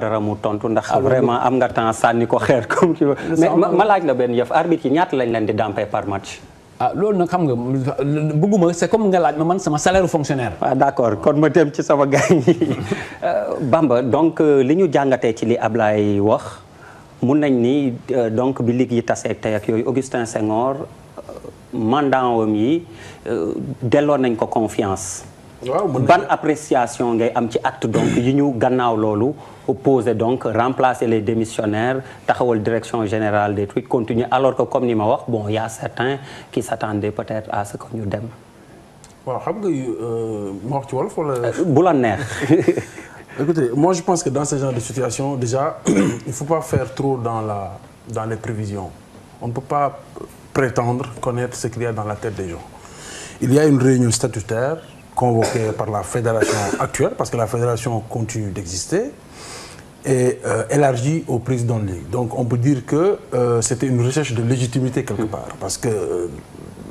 dara mu tontu ndax vraiment am nga temps sànni ko xeer comme tu veux ma laaj la benn yëf arbitre yi ñaata lañ leen di dampee par match ah, loolu nag xam nga bëgguma c'est comme nga laaj ma man sama salaire fonctionnaire ah d'accord kon ma dem ci sama gars yi euh, Bamba donc euh, li ñu jàngatee ci li Ablaye wax mun nañ ni euh, donc bi ligue yi taseeg tey ak yooyu Augustin Senghor mandant wam yi delloo nañ ko confiance ban appréciation ngay am ci acte donc yi ñu gannaaw loolu poser donc remplacer les démissionnaires taxawal direction générale des trucs continuer alors que comme ni ma wax bon y a certains qui s'attendaient peut-être à ce que ñu dem. waaw xam nga euh, ma wax ci wolof euh, neex. écoutez moi que dans ce genre situation déjà il faut pas faire trop dans la dans les ne peut pas prétendre connaître ce qu'il y dans la tête des gens il y a une réunion statutaire. convoqué par la fédération actuelle, parce que la fédération continue d'exister, et euh, élargie aux présidents de ligue. Donc on peut dire que euh, c'était une recherche de légitimité quelque part, parce que euh,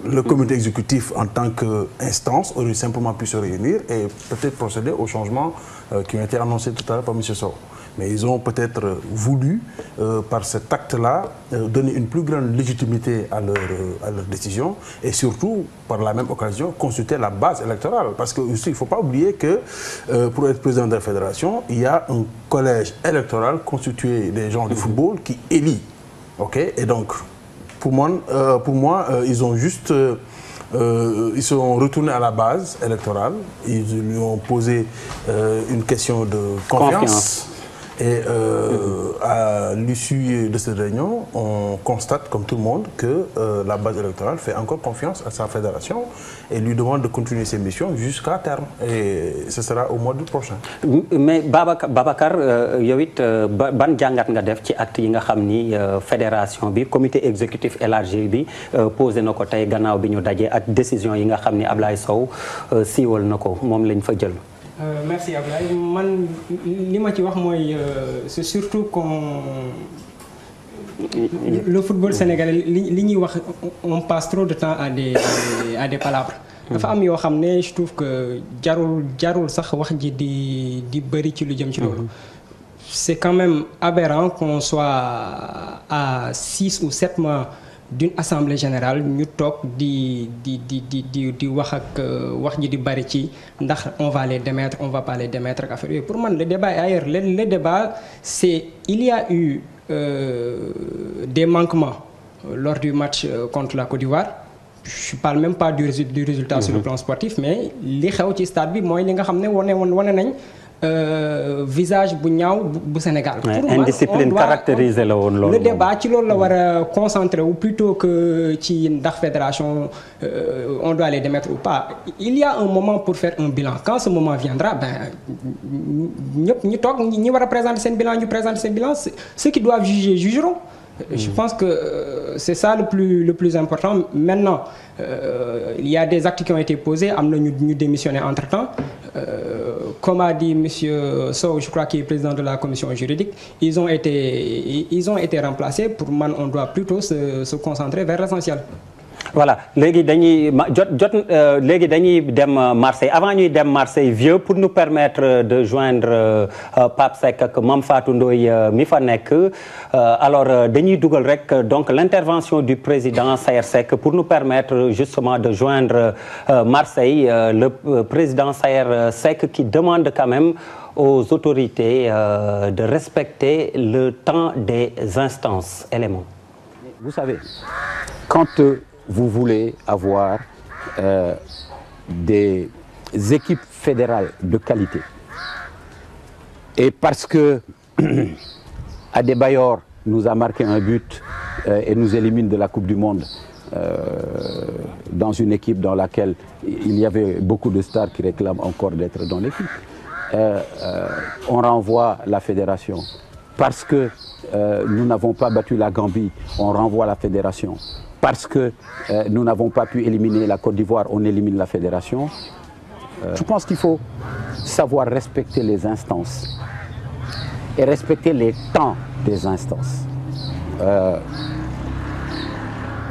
le comité exécutif en tant qu'instance aurait simplement pu se réunir et peut-être procéder aux changements euh, qui ont été annoncés tout à l'heure par M. Sow. Mais ils ont peut-être voulu, euh, par cet acte-là, euh, donner une plus grande légitimité à leur, euh, à leur, décision et surtout, par la même occasion, consulter la base électorale. Parce qu'il ne faut pas oublier que euh, pour être président de la fédération, il y a un collège électoral constitué des gens du mhm. football qui élit. Okay et donc, Pour moi, euh, pour moi euh, ils ont juste. Euh, euh ils sont retournés à la base électorale. Ils lui ont posé euh, une question de confiance. confiance. Et euh, l'issue de cette réunion, on constate, comme tout le monde, que euh, la base électorale fait encore confiance à sa fédération et lui demande de continuer ses missions jusqu'à terme. Et ce sera au mois du prochain. mais Babacar Babacar euh, yow it euh, ban jàngat nga def ci acte yi nga xam ni fédération bi comité exécutif élargi bi posé na ko tey gannaaw bi ñu dajee ak décision yi nga xam ni lay Sow siiwal na ko moom lañ fa jël. Euh, merci Ablaye man li ma ci wax mooy euh, c'est surtout qu'on le football sénégalais li li ñuy wax on passe trop de temps à des à dafa am yoo xam ne je trouve que jarul jarul sax wax ji di di bëri ci lu jëm ci loolu. c'est quand même aberrant qu'on à six ou sept mois. d'une assemblée générale ñu toog di di di di di di wax ak euh, wax ji di bari ci ndax on va les démettre on va pas les démettre yooyu pour man le débat est ailleurs le le débat c'est il y eu euh, des manquements euh, lors du match contre la Côte d'Ivoire je parle même pas du résultat sur le mhm. plan sportif mais li xew ci stade bi mooy li nga xam ne wone woon wane nañ Euh, visage bu ñaaw bu Sénégal. pour indiscipline caractérisée la woon loolu. le débat ci loolu la mm. war a concentrer wu plutôt que ci ndax fédération euh, on doit les démettre ou pas il y a un moment pour faire un bilan quand ce moment viendra ben ñëpp ñu toog ñi war a présenter seen bilan ñu présenter seen bilan ceux qui doivent juger jugeront. Euh, je mm. pense que c'est ça le plus le plus important maintenant il y a des actes qui ont été posés am na ñu ñu démissionné entre-temps. comme a dit monsieur Sow je crois qui est président de la commission juridique ils ont été ils ont été remplacés pour man on doit plutôt se se concentrer vers l'essentiel voilà léegi dañuy jot jot euh, léegi dañuy dem euh, Marseille avant ñuy dem Marseille vieux pour nous permettre euh, de joindre Pape Seck ak Mame Fatou Ndoye mi fa nekk alors dañuy dugal rek donc l'intervention du président Saer Seck pour nous permettre justement de joindre Marseille le président Saer Seck qui demande quand même aux autorités de respecter le temps des instances. Éléments. Vous savez, vous voulez avoir euh, des équipes fédérales de qualité. Et parce que Adebayor nous a marqué un but euh, et nous élimine de la Coupe du Monde euh, dans une équipe dans laquelle il y avait beaucoup de stars qui réclament encore d'être dans l'équipe, euh, euh, on renvoie la fédération. Parce que euh, nous n'avons pas battu la Gambie, on renvoie la fédération. parce que euh, nous n'avons pas pu éliminer la Côte d'Ivoire, on élimine la fédération. Euh, je pense qu'il faut savoir respecter les instances et respecter les temps des instances. Euh,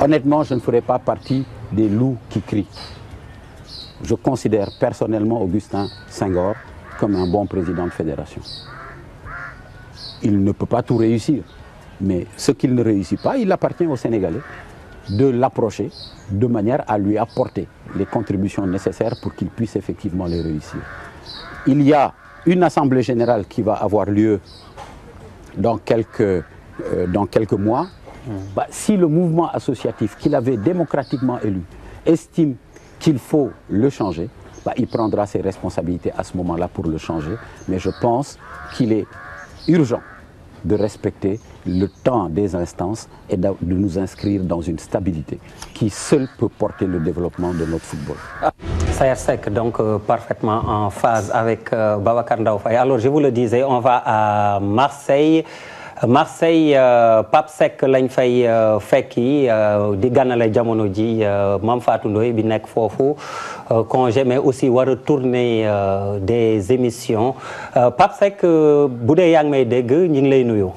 honnêtement, je ne ferai pas partie des loups qui crient. Je considère personnellement Augustin Senghor comme un bon président de fédération. Il ne peut pas tout réussir, mais ce qu'il ne réussit pas, il appartient aux Sénégalais. de l'approcher de manière à lui apporter les contributions nécessaires pour qu'il puisse effectivement les réussir. Il y a une assemblée générale qui va avoir lieu dans quelques, euh, dans quelques mois. Mmh. Bah, si le mouvement associatif qu'il avait démocratiquement élu estime qu'il faut le changer, bah, il prendra ses responsabilités à ce moment-là pour le changer. Mais je pense qu'il est urgent de respecter le temps des instances et de nous inscrire dans une stabilité qui seule peut porter le développement de notre football. Sayer Sek, donc euh, parfaitement en phase avec euh, Babacar Ndaoufay. Alors je vous le disais, on va à Marseille. Marseille euh, Pape Seck lañ fay euh, fekki euh, di ganale jamono ji mam Fatou ndoy bi nekk foofu congé mais aussi war a tourner des émissions Pape Seck bu dee yaa ngi may dégg ñu ngi lay nuyu.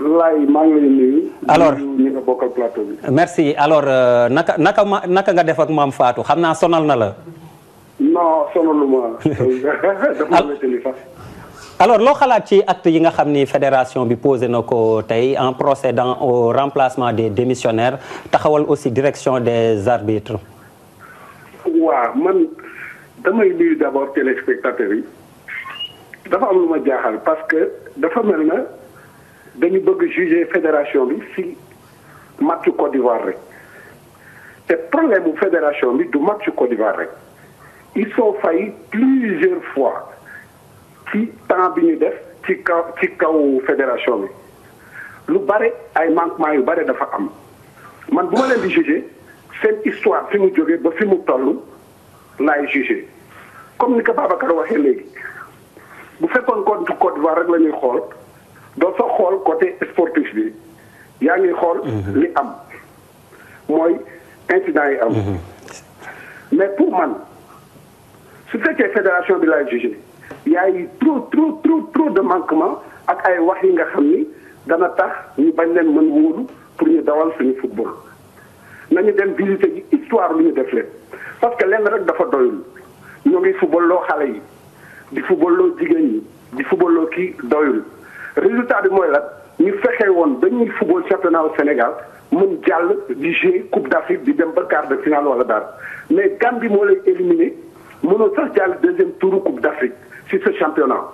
Laye alors merci alors naka naka ma naka nga def ak Mame Fatou xam naa sonal na la. alors loo xalaat ci acte yi nga xam ni fédération bi posé na ko tey en procédant au remplacement des démissionnaires taxawal aussi direction des arbitres. waaw man damay nuyu d' abord téléspectateurs yi dafa am lu ma jaaxal parce que dafa mel na dañu bëgg juger fédération bi si matchu Côte d'Ivoire rek te problème bu fédération bi du matchu Côte d'Ivoire rek il sont faillis plusieurs fois. ci temps bi ñu def ci kaw ci kaw fédération bi lu bare ay manquement yu bare dafa am man bu ma leen di jugé seen histoire fi mu jógee ba fi mu toll laay jugé comme ni ko Babacar waxee léegi bu fekkoon compte Côte d'Ivoire rek la ñuy xool doo sa xool côté sportif bi yaa ngi xool. Mhm. li am mooy incident yi am. Mhm. mais pour man su fekkee fédération bi laay jugé. y a eu trop trop trop trop de manquement ak ay wax yi nga xam ni dana tax ñu bañ leen mën wóolu pour ñu dawal suñu football nañu dem visiter ji histoire lu ñu def leen parce que lenn rek dafa doyul ñoo ngi football loo xale yi di football loo jigéen ñi di football loo kii doyul résultat bi mooy la ñu fexe woon ba ñuy football championnat Sénégal mën jàll di jouer coupe d'Afrique di dem ba quart de finale wala daal mais bi moo lay éliminé mënoo sax jàll deuxième tour coupe d'Afrique sur ce championnat.